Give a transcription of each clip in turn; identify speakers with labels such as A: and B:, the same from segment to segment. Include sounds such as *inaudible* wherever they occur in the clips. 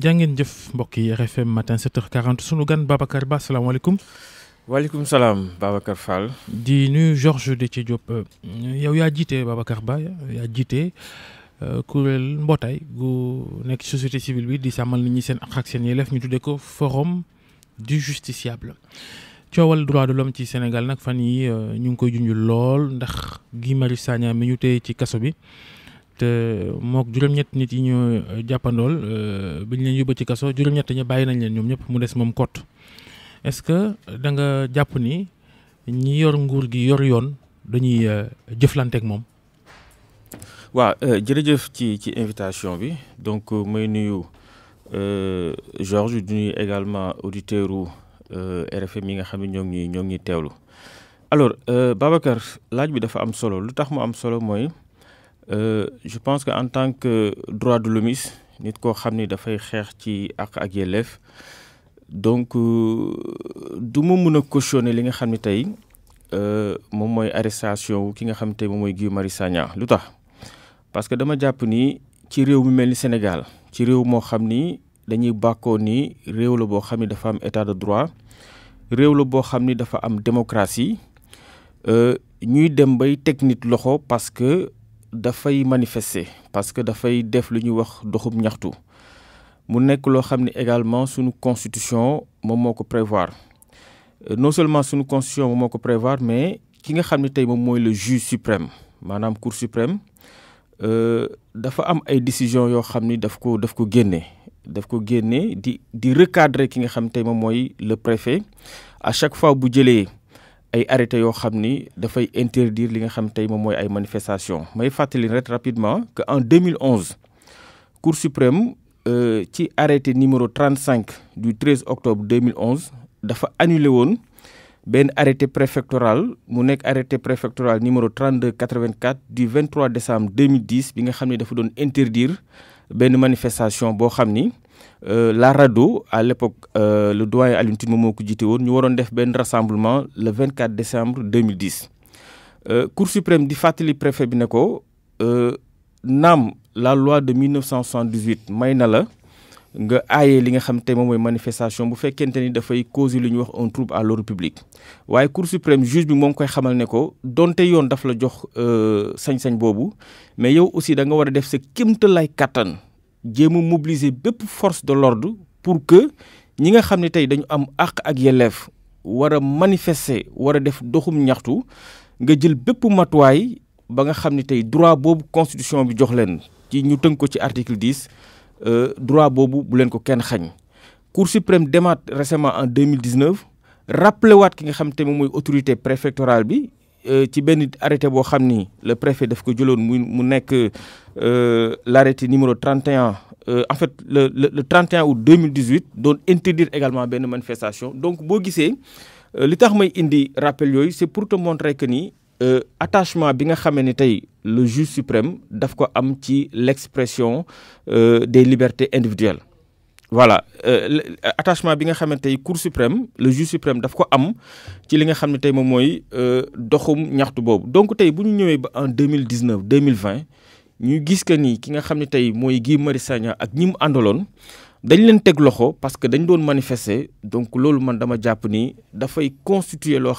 A: jaa ngeen jëf mbokk yi RFM matin 7h40 sunu gan Babacar Ba salaamaaleykum.
B: waaleykum salaam Babacar Fall.
A: di nuyu Georges Déthié Diop yow yaa jiite Babacar Ba yaa jiite euh, kuréel mbootaay gu nekk société civile bi di sàmmal nit ñi seen àq ak seen yelleef ñu tuddee ko forum du justiciable. coowal droit de l'homme ci Sénégal nag fan yi euh, ñu ngi koy junj lool ndax Guy mari saña mi ñu téye ci kaso bi te mook juróom-ñett nit yi ñu euh, jàppandool euh, bi ñu leen yóbbu ci kaso juróom-ñett ña bàyyi nañ leen ñoom ñëpp mu des moom kott est-ce que da nga jàpp ni ñi yor nguur gi yor yoon dañuy euh, jëflante ak moom.
B: waaw jërëjëf ci ci invitation bi donc may nuyu Georges du nuyu également auditeur u RFM yi nga xam ne ñoo ngi ñoo ngi teewlu alors Babacar laaj bi dafa am solo lu tax mu am solo mooy. Euh, je pense que tant que droit de l'homiste nous ci ak donc euh, du ma mën a li nga ne euh, arrestation ki nga Sénégal, le parce que dama ma ni ci réew mi mel le Sénégal ci réew moo xam dañuy bàkkoo ni réew la boo am état de droit réew la boo xam am démocratie ñuy dem bay teg parce que dafay manifester parce que dafay def lu ñuy wax doxub ñaxtu mu nekk loo xam ne également suñu constitution moom moo ko prévoir euh, non seulement suñu constitution moom moo ko prévoir mais ki nga xam ne tey moom mooy le juge suprême maanaam cour suprême euh, dafa am ay décision yoo xam ni daf ko daf ko génne daf ko génne di di recadrer ki nga xam ne tey moom mooy le préfet à chaque fois bu jëlee ay arrêté yoo xam ni interdire li nga xam tey moom mooy ay manifestations may rapidement que en 2011 Cour suprême euh, ci arrêté numéro 35 du 13 octobre 2011 dafa annulé woon arrêté préfectoral mu arrêté préfectoral numéro 3284 du 23 décembre 2010 bi nga xam les dafa interdire manifestation euh, la RADDHO à l'époque euh, le doyen Alioune Momoko moom won ñu waron def ben rassemblement le 24 décembre 2010 euh, Cour suprême di fatali préfet bi neko ko nam la loi de 1978 may la nga ayé li nga xam té moom manifestation bu fekkente ni dafay causer lu ñuy wax un trouble à l'ordre public waye Cour suprême juge bi mom koy xamal ne ko donte yoon daf la jox sañ-sañ bobu mais yow aussi da nga wara a def sa lay katane jéem a mobiliser bépp force de l'ordre pour que ñi nga xam ne tey dañu am àq ak yelleef war a manifester war a def doxum ñaxtu nga jël bépp matuwaay ba nga xam ni tey droit boobu constitution bi jox leen ci ñu tënk ko ci article 10 euh, droit boobu bu leen ko kenn xañ cour suprême demaat récemment en 2019 rappelé waat ki nga xam te moom mooy autorité préfectorale bi Euh, ci benn arrêté le préfet daf ko jëloon mu euh, numéro 31 euh, en fait le 31 août 2018 donne interdire également une manifestation donc c'est que je indi pour te montrer que ni attachement à nga le juge suprême daf des libertés individuelles voilà euh, attachement bi nga cour suprême le juge suprême daf ko am ci li nga xam ne euh, donc tay bu ñu en 2019-2020, nous avons ñu gis que ni ki nga parce que dañ doon manifester donc loolu man dama japp constituer leur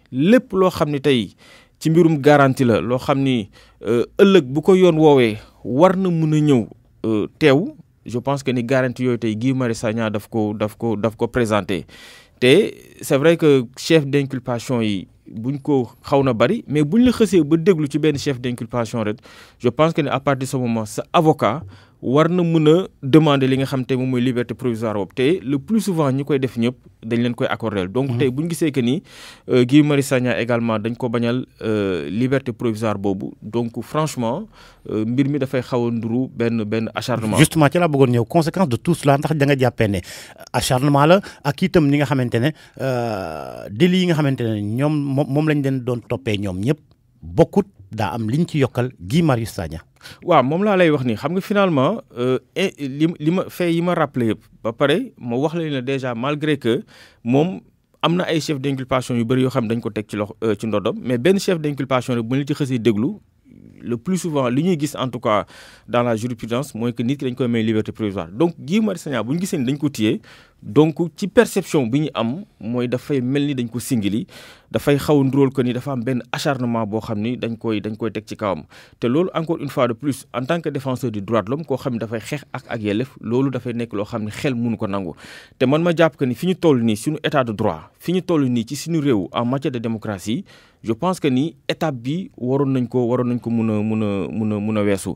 B: lepp lo xamni tay ci mbirum garantie la lo xamni ni euh, ëllëg bu ko yoon wowe warna na ñew a euh, je pense que ni garantie yoy tey Guy Marius Sagna daf ko daf ko daf ko présenter te c'est vrai que chef d'inculpation yi buñ ko xawna bari mais buñ la xësee ba déglu ci ben chef d'inculpation rek je pense que ni à partir de ce moment sa avocat war na mën a demander li nga xam te moom mooy liberté provisoire boobu te le plus souvent ñi koy def ñëpp dañ leen koy accordé donc mhm. tey bu ñu gisee que ni euh, Guy mari Sagna également dañ ko bañal euh, liberté provisoire boobu donc franchement euh, mbir mi dafay xaw a nduru benn
C: benn acharnement. justement ci la bëggoon ñëw conséquence de tout cela ndax da nga jàppee ne acharnement la ak itam ñi nga xamante ne délit yi nga xamante ne ñoom moom lañ leen doon toppee ñoom ñëpp bokkut daa am liñ ci yokkal Guy mari Sagna waaw moom laa lay wax ni xam nga
B: finalement euh, li li ma fait yi ma rappelé yëpp ba pare ma wax la ne déjà malgré que moom am na ay chef d'inculpation yu bëri yoo xam dañ ko teg ci loxo euh, ci ndodom mais benn chef d'inculpation rek bu ñu ci xësee déglu le plus souvent li ñuy gis en tout cas dans la jurisprudence mooy que nit ki dañ koy may liberté provisoire donc Guy Marius Sagna bu ñu gisee ni dañ ko téye donc ci perception bi ñu am mooy dafay mel ni dañ ko singili dafay xaw a nduróol ko ni dafa am benn acharnement boo xam ni dañ koy dañ koy teg ci kawam te loolu encore une fois de plus en tant que défenseur du droit de l'homme koo xam ne dafay xeex ak ak yelef loolu dafay nekk loo xam ne xel mënu ko nangu te man ma jàpp que ni fi ñu toll nii suñu état de droit fi ñu toll nii ci suñu réew en matière de démocratie je pense que ni étape bi waroon nañ ko waroon nañ ko mun a mun a mun a mun a weesu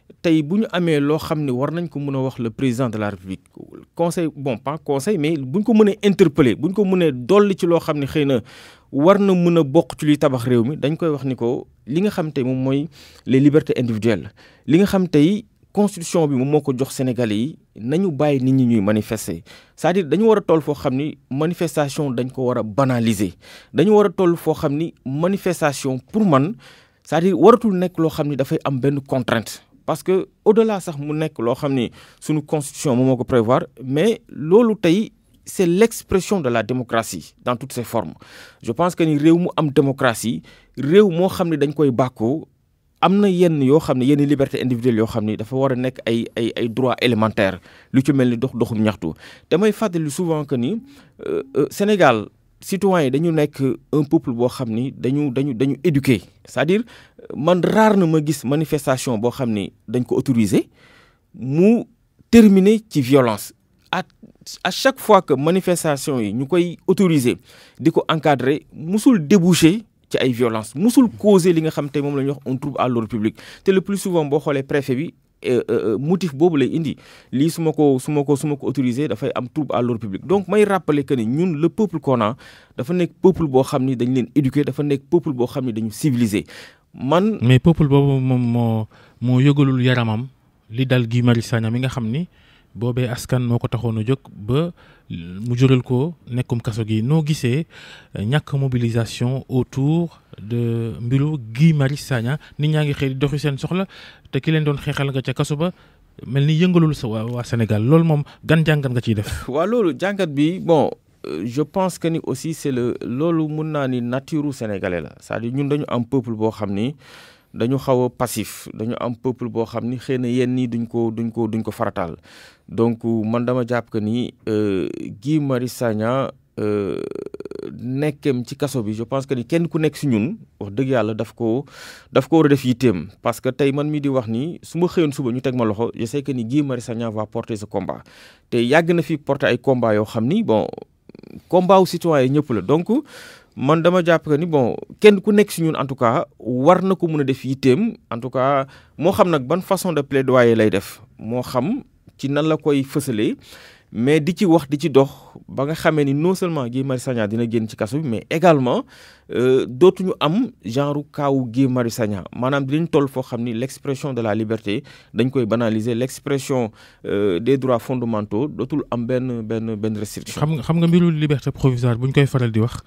B: tey bu ñu amee loo xam ne war nañ ko mën a wax le président de la république conseil bon pas conseil mais bu ñu ko mënee interpeller bu ñu ko mënee dolli ci loo xam ne xëy na war na mën a bokk ci luy tabax réew mi dañ koy wax ni ko li nga xam tey moom mooy les libertés individuelles li nga xam tey constitution bi moom moo ko jox Sénégalais yi nañu bàyyi nit ñi ñuy manifester c'est-à-dire dañu war a toll foo xam ni manifestation dañ ko war a banaliser dañu war a toll foo xam ni manifestation pour man c'est-à-dire waratul nekk loo xam ni dafay am benn contrainte parce que au-delà sax mu que lo xamni sous suñu constitution moom prévoir mais lolu tay c'est l'expression de la démocratie dans toutes ses formes je pense que ni réew mu am démocratie réew mo xamni dañ koy bako am na yenn yo xamni yenn liberté individuelle yo xamni dafa wara nek ay ay ay droits élémentaires lu ci melni dox doxum ñaxtu damay fàttali souvent que ni euh, euh, Sénégal citoyens yi dañu nekk un peuple boo xam ni dañu dañu dañu éduqué c'est-à-dire man rare na ma gis manifestation boo xam ni dañ ko autorisé mu terminer ci violence à à chaque fois que manifestation yi ñu koy autorisé di ko encadrer musul déboucher ci ay violence musul causer li nga xam te moom la ñuy wax un trouble à l'ordre public te le plus souvent boo xoolee préfet bi euh, euh, motif bobu lay indi li su ma ko su ma ko su ma ko am trouble à l'ordre public donc may rappeler que ni ñun le peuple qu'on a fa nek peuple bo xamni ni dañ leen éduqué fa nek peuple bo xamni ni dañu civilisé man.
A: mais peuple bobu mo mo, moo yëgalul yaramam li dal Guy marissa Sagna mi nga xamni bobé askan moko ko taxoon ba mu jural ko nekkum kasso gi noo gisee euh, ñàkk mobilisation autour de mbiru Guy Marius Sagna nit ñaa ngi xëy doxi seen soxla te ki leen doon xeexal nga ca kaso ba mel ni yëngalul sa waa Sénégal loolu moom gan jàngat nga ciy def.
B: *laughs* waaw loolu jàngat bi bon euh, je pense que ni aussi c'est le loolu mun naa ni nature sénégalais la c'est-à-dire ñun dañu am peuple boo xam ni. dañu xaw a passif dañu am peuple boo xam ni xëy na yenn nii duñ ko duñ ko duñ ko farataal donc man dama jàpp que ni euh, Guy Marius Sagna euh, nekkem ci kaso bi je pense que ni kenn ku nekk si ñun wax dëgg yàlla daf ko daf ko war a def yitteem parce que tey man mii di wax nii su ma xëyoon suba ñu teg ma loxo je sais que ni Guy Marius Sagna va porter sa combat te yàgg na fi porter ay combat yoo xam ni bon combat wu citoyen ñëpp la donc man dama jàpp que ni bon kenn ku nekk si ñun en tout cas war na ko mun a def yitteem en tout cas moo xam nag ban façon de plaidoyer lay def moo xam ci nan la koy fësalee. mais di ci wax di ci dox ba nga non seulement Guy Sagna dina ci mais également euh, d'autres am genre kaawu Guy Sagna maanaam dinañ toll foo xam de la liberté dañ koy banaliser expression euh, des droits fondamentaux dootul am benn
A: benn restriction. xam nga xam nga liberté provisoire bu koy faral di wax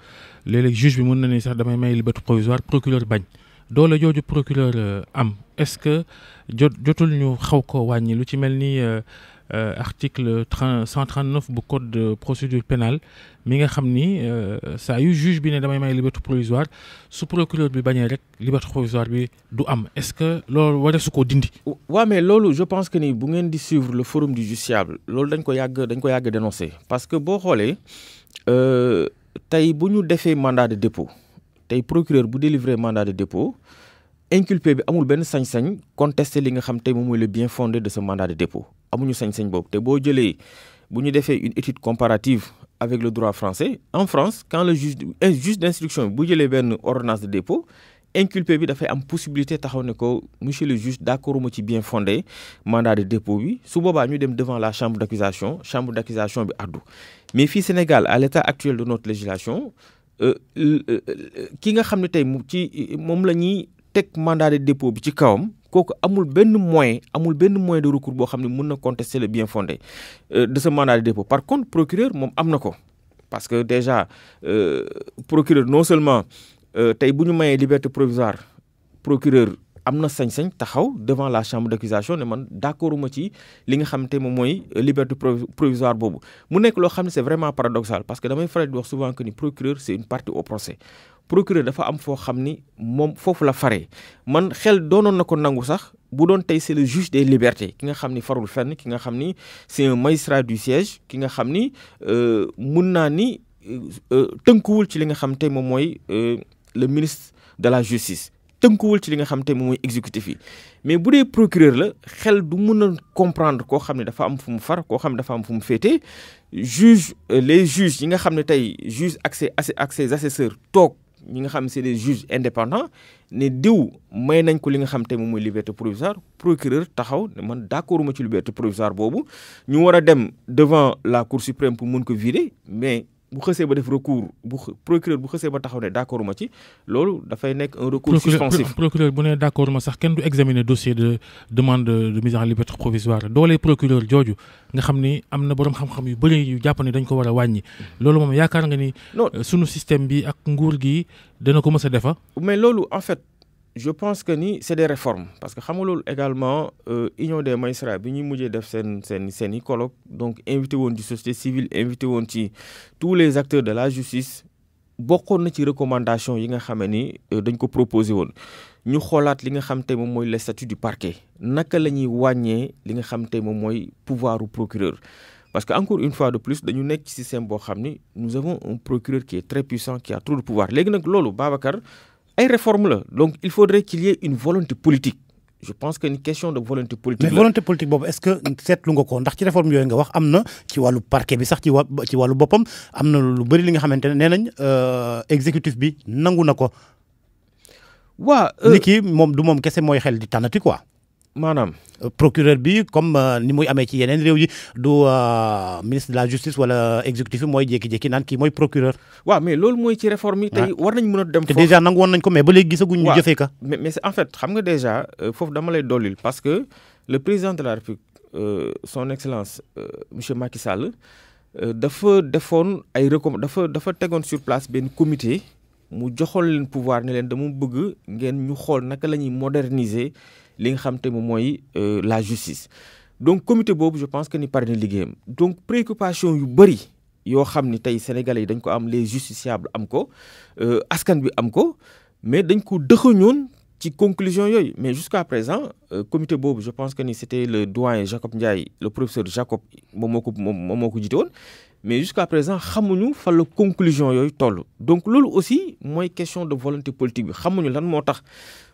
A: bi na ni sax liberté provisoire procureur doole jooju procureur euh, am est-ce que jot jotul ñu xaw ko wàññi lu ci mel ni euh, euh, article 139 du bu code de procédure pénale mi nga xam ni saa yu juge bi ne damay may liberté provisoire su procureur bi bañee rek liberté provisoire bi du am est-ce que loolu war su ko dindi.
B: waaw mais loolu je pense que ni bu ngeen di suivre le forum du justiciable loolu dañ ko yàgg dañ ko yàgg dénoncer parce que boo xoolee tey bu ñu defee mandat de dépôt tay procureur bu délivrer mandat de dépôt inculpé bi amul ben sañ-sañ contester li nga xam le bien fondé de ce mandat de dépôt amuñu sañ-sañ bob te bo jëlé bu ñu une étude comparative avec le droit français en France quand le juge juge d'instruction bu jëlé ben ordonnance de dépôt inculpé bi fay am possibilité taxaw ne ko monsieur le juge d'accord ma ci bien fondé mandat de dépôt bi su boobaa ñu dem devant la chambre d'accusation chambre d'accusation bi addu mais fi Sénégal à l'état actuel de notre législation euh, euh, euh, ki nga xam ne tey ci moom la mandat de dépôt bi ci kawam kooku amul benn moyen amul benn moyen de recours boo xam contester le bien fondé de ce mandat de dépôt par contre procureur moom am parce que déjà procureur non seulement tey bu ñu mayee liberté provisoire procureur amna na sañ-sañ taxaw devant la chambre d'accusation ne man d'accorduma ci li nga xam te moom mooy liberté provisoire bobu mu nek lo xam c'est vraiment paradoxal parce que damay faral di wax souvent que ni procureur c'est une partie au procès procureur dafa am fo xamni mom fofu la faré man xel doonoon nako nangu sax bu doon tay c'est le juge des libertés ki nga xamni farul fenn ki nga xamni c'est un magistrat du siège ki nga xamni euh mun naa ni euh, euh, ci li nga xam mom moy euh, le ministre de la justice tënkuwul ci li nga xam mooy exécutif yi mais bu dee procureur la xel du comprendre koo xam dafa am fu mu far juge euh, les juges yi nga xam ne juge ak accès ak ses assesseurs nga c'est des juges indépendants ne diw may nañ ko li nga xam te mooy liberté provisoire procureur taxaw ne man d'accord ma ci liberté provisoire boobu ñu devant la cour suprême pour mun ko vider mais bu xësee ba def recours bu procureur bu xësee ba taxaw ne d' accord ma ci loolu dafay nekk un recours suspensif
A: procureur bu ne d' accord ma sax kenn du examiner dossier de demande de mise en liberté provisoire doole procureur jooju nga xam ni am na boroom xam-xam yu bëri yu jàpp ne dañ ko war a wàññi loolu moom yaakaar nga ni. Euh, sunu système bi ak nguur gi dana ko mës a defa mais loolu en fait je pense que ni c'est des réformes parce que xam également loolu également
B: euh, union des magistrats bi ñi mujjé def sen sen sen colloque donc invité woon du société civile invité woon ci tous les acteurs de la justice bokkon na ci recommandation yi nga xamé ni euh, dañ ko proposer woon ñu xolaat li nga xam te moom le statut du parquet naka lañuy ñuy li nga xam te moom mooy pouvoiru procureur parce que encore une fois de plus dañu nek ci système bo xamni nous avons un procureur qui est très puissant qui a trop de pouvoir légui nak lolu Babacar réforme Donc, il faudrait qu'il y ait une volonté politique. Je pense une question de volonté politique. Mais volonté
C: politique est-ce que cette longue réforme wa qui est lu li nga est réforme euh, bi nangu na est Wa. réforme du réforme Madame euh, procureur bi comme euh, ni muy ci yi euh, ministre de la justice wala exécutif procureur. waaw mais loolu mooy ci réforme yi. Ah. déjà nañ
B: mais en fait xam déjà dama lay parce que le président de la République son excellence monsieur Macky Sall dafa defoon sur place benn comité mu joxoon pouvoir ne leen bëgg ngeen ñu naka moderniser li nga euh, la justice donc comité Bob, je pense que nous parlons de liggéeyam donc préoccupation yu bëri grande. xam sénégalais qui ont les justiciables am ko euh, askan bi mais dañ ko des ci conclusion Yoy. mais jusqu'à présent euh, comité Bob, je pense que c'était le doyen Jacob Ndiaye le professeur Jacob Momoko Momoko mais jusqu'à présent xamuñu fa la conclusion donc c'est aussi une question de volonté politique Nous xamuñu lan moo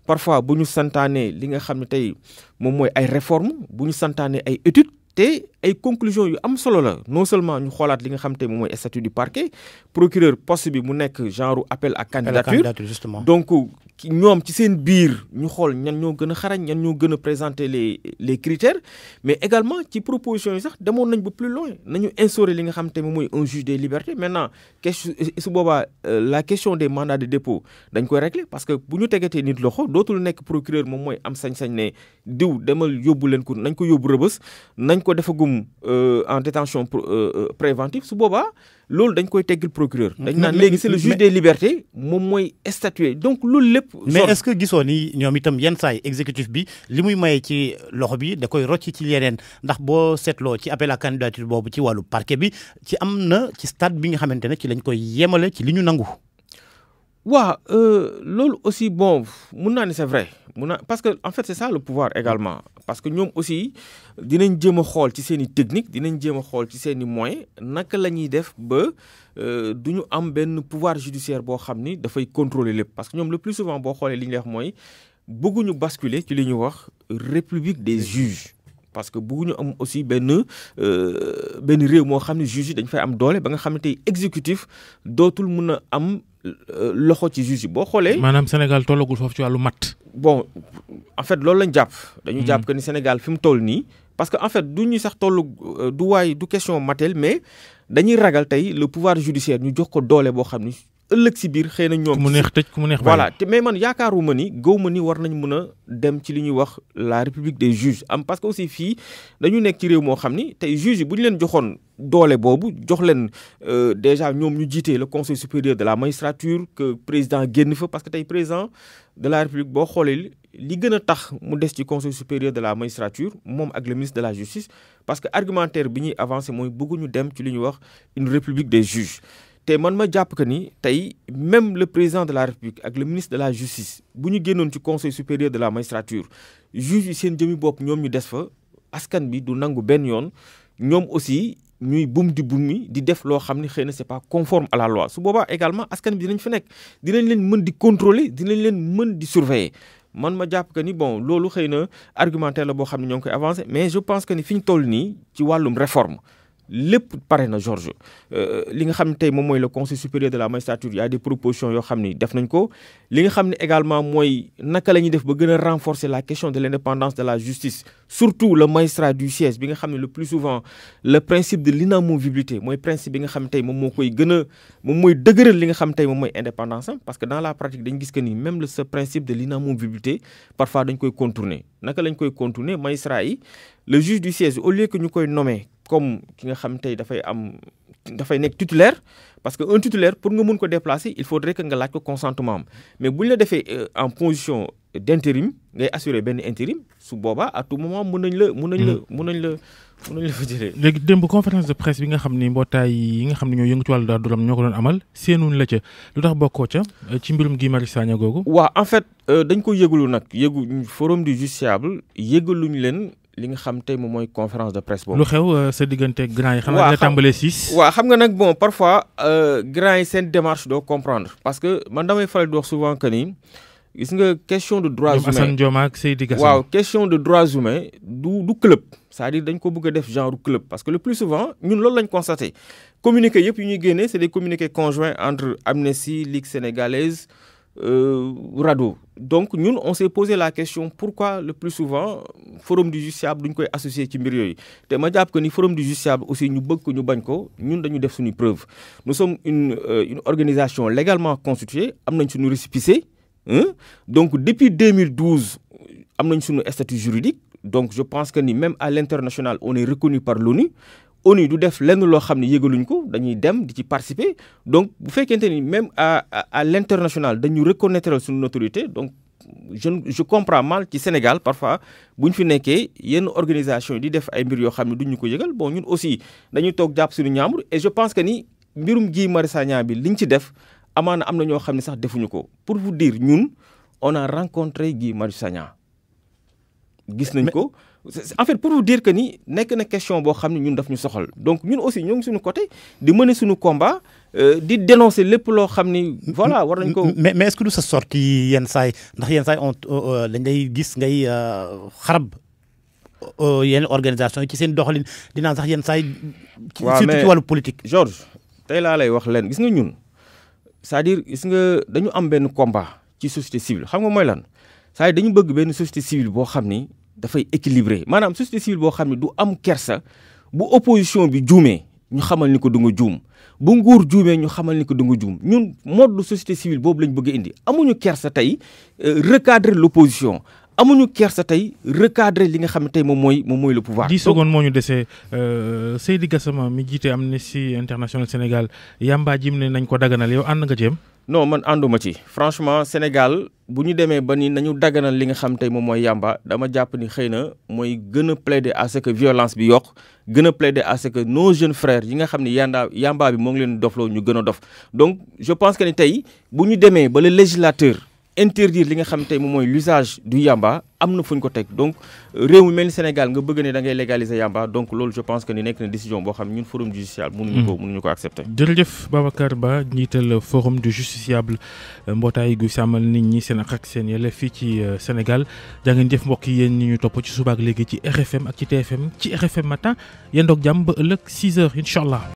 B: parfois bu ñu santaane li nga xam ne tey moom mooy ay réformes bu ñu santaane ay études te ay conclusion yu am solo la non seulement ñu xoolaat li nga xam té moy statut du parquet procureur poste bi mu nekk genre appel à candidature justement. donc ñom ci seen biir ñu xol ñan ñoo gëna xarañ ñan ñoo gëna présenter les les critères mais également ci proposition yi sax demoon nañ bu plus loin nañu instaurer li nga xam té moy un juge des libertés maintenant question su boobaa euh, la question des mandats de dépôt dañ koy régler parce que bu ñu tegatee nit loxo dotul nekk procureur moom mooy am sañ-sañ né diw demal yóbbu leen ko nañ ko yobul rebeus nañ dañ ko euh, en détention euh, euh, préventive
C: su boobaa loolu dañ koy teggil procureur. Mm-hmm. dañ nan léegi c'est le juge des libertés mom moy statuer donc loolu lepp mais est-ce que gisoo ni ñoom itam yenn saa exécutif bi limuy muy maye ci loxo bi da koy rocc ci yenen ndax bo setlo ci appel à candidature bobu ci walu parquet bi ci amna ci stade bi nga xamantene ci lañ koy yemale ci liñu nangou
B: euh, lol aussi bon mun naa c'est vrai mun parce que en fait c'est ça le pouvoir également parce que nous aussi dinañ jéem a xool ci technique dinañ jéem a xool ci seen moyens naka la def ba euh, du ñu am benn pouvoir judiciaire boo xam ni dafay contrôler les parce que nous le plus souvent boo xoolee li ñuy wax beaucoup bëgguñu basculer ci li ñuy wax république des juges parce que bëgguñu am aussi ben benn réew moo xam ne juge yi dañ fay am dolé ba nga xam exécutif dootul mun a am euh, loxo ci juge boo xoolee. maanaam
A: Sénégal tollagul ci mat.
B: bon en fait lañ hmm. dañu dit que ni Sénégal fi mu parce que en fait nous sax que euh, du waay du question mais dañuy ragal le pouvoir judiciaire Nous jox ko ëllëg si biir xëy na ñoom. mu neex
A: tëj ku mu neex voilà
B: te mais man yaakaaruma ni gaw ni war nañ mën a dem ci li ñuy wax la république des juges am parce que aussi fii dañu nekk ci réew moo xam ni tey juges yi bu ñu leen joxoon doole boobu jox leen euh, déjà ñoom ñu jiitee le conseil supérieur de la magistrature que président génn fa parce que tey président de la république boo xoolee li gën a tax mu des ci conseil supérieur de la magistrature moom ak le ministre de la justice parce que argumentaire bi ñuy avancé mooy bëgguñu dem ci li ñuy wax une république des juges te man ma japp que ni tay même le président de la république ak le ministre de la justice buñu ñu ci conseil supérieur de la magistrature juge yi seen jëmi bop ñom ñu des fa askan bi du nangu ben yoon ñom aussi ñuy bum di bumi di def lo xam c'est pas conforme à la loi su boba également askan bi dinañ fi nek dinañ leen mën di contrôler dinañ leen mën di surveiller man ma japp que ni bon lolu xëy na argumentaire la bo xamni ñong koy avancer mais je pense que ni fiñ ñu toll nii ci walum réforme lépp pare na Georges euh, li nga xam ne tey moom mooy le conseil supérieur de la magistrature y a des propositions yoo xam ni def nañ ko li nga xam ne également mooy naka la ñuy def ba gën a renforcer la question de l' indépendance de la justice surtout le magistrat du siège bi nga xam ne le plus souvent le principe de l'inamovibilité mooy principe bi nga xam ne tey moom moo koy gën a moom mooy dëgëral li nga xam tey moom mooy indépendance am parce que dans la pratique dañu gis que ni même ce principe de l'inamovibilité parfois dañ koy contourner naka lañ koy contourner magistrat yi le juge du siège au lieu que ñu koy nommer comme ki nga xam tey dafay am dafay nekk titulaire parce que un titulaire pour nga mun ko déplacer il faudrait que nga laaj ko consentement am mais buñ la defee euh, en position d' intérim ngay assurer benn intérim su boobaa à tout moment mun nañ la mun nañ la hmm. mun nañ la mun nañ la fa jëlee.
A: léegi démb conférence de presse bi nga xam ni mbootaay yi nga xam ne ñoo yëngu ci wàllu daal duram ñoo ko doon amal seenuñ la ca lu tax bokkoo ca euh, ci mbirum gi Marius Sagna googu.
B: waaw en fait euh, dañ ko yëgalu nag yëgu forum du justiciable yëgaluñ leen li nga xam tey moom conférence de presse boobu. lu
A: xew euh, sa diggante grand yi. xam nga tàmbalee six.
B: waaw xam nga nag bon parfois euh, grand yi seen démarche doo comprendre parce que man damay faral di souvent que ni gis nga question de droits humains Assane Dioma
A: ak Seydi waaw
B: question de droits humains du du club. c'est-à-dire dañ ko bëgg a def genre club parce que le plus souvent ñun loolu lañ constaté communiqué yëpp yu ñuy c'est des communiqués conjoints entre Amnesty Ligue sénégalaise euh, Donc nous on s'est posé la question pourquoi le plus souvent le forum du justiciable nous koy associé à mbir Je te ma que le forum du justiciable aussi nous bëgg nous ñu bañ ko ñun dañu preuve nous sommes une euh, organisation légalement constituée avons nañ suñu récépissé hein? donc depuis 2012 nous nañ un statut juridique donc je pense que même à l'international on est reconnu par l'ONU ONU du def lenn loo xam ne ko donc bu même à l'international, l' international dañu reconnaître suñu autorité donc je comprends mal ci Sénégal parfois bu fi organisation une di def ay mbir yoo xam duñu ko yëgal bon ñun aussi dañuy toog jàpp suñu et je pense que ni mbirum bi liñ ci def pour vous dire on a rencontré Guy Marissa en fait pour vous dire que ni nekk question donc nous aussi sommes sur notre côté di mener combat euh, di dénoncer voilà
C: mais est-ce que sa sorti yenn ndax yenn on euh, euh, lay gis ngay yenn organisation ci doxalin sax surtout ci politique.
B: George, lay wax gis nga ñun c'est-à-dire gis nga dañu am société civile xam nga saa yi dañu bëgg benn société civile boo xam ni dafay équilibré maanaam société civile boo xam ni du am kersa bu opposition bi juumee ñu xamal ni ko du nga juum bu nguur juumee ñu xamal ni ko du nga juum ñun mode société civile boobu lañ bëgg indi amuñu kersa tey euh, recadrer l'opposition amuñu kersa tey recadrer li nga xam ne tey moom mooy moom mooy le pouvoir. 10 secondes
A: moo ñu desee euh, Seydi Gassama mi jiite Amnesty International Sénégal yàmbaa jim ne nañ ko daganal yow nga jéem. non man anduma ci
B: franchement Sénégal bu ñu ni nañu daganal li nga xam tay dama ni plaider à que violence bi plaider à ce que nos jeunes frères yi nga xam ni yanda donc je pense que ni tay bu le législateur interdire li nga l'usage du Yamba am na fu ko teg donc réew mi mel ni Sénégal nga bëgg ne da ngay légaliser yamba donc loolu je pense que ni nekk na décision boo xam ñun forum du justiciable. mënuñu hmm. ko mënuñu ko accepter.
A: jërëjëf Babacar Ba njiital forum du justiciable euh, mbootaay gu sàmmal nit ñi seen ak seen yelleef fii ci euh, Sénégal jaa ngeen jëf mbokk yi yéen ñi ñu topp ci suba ak léegi ci RFM ak ci TFM ci RFM matin yéen doog jàmm ba ëllëg 6 heures incha allah.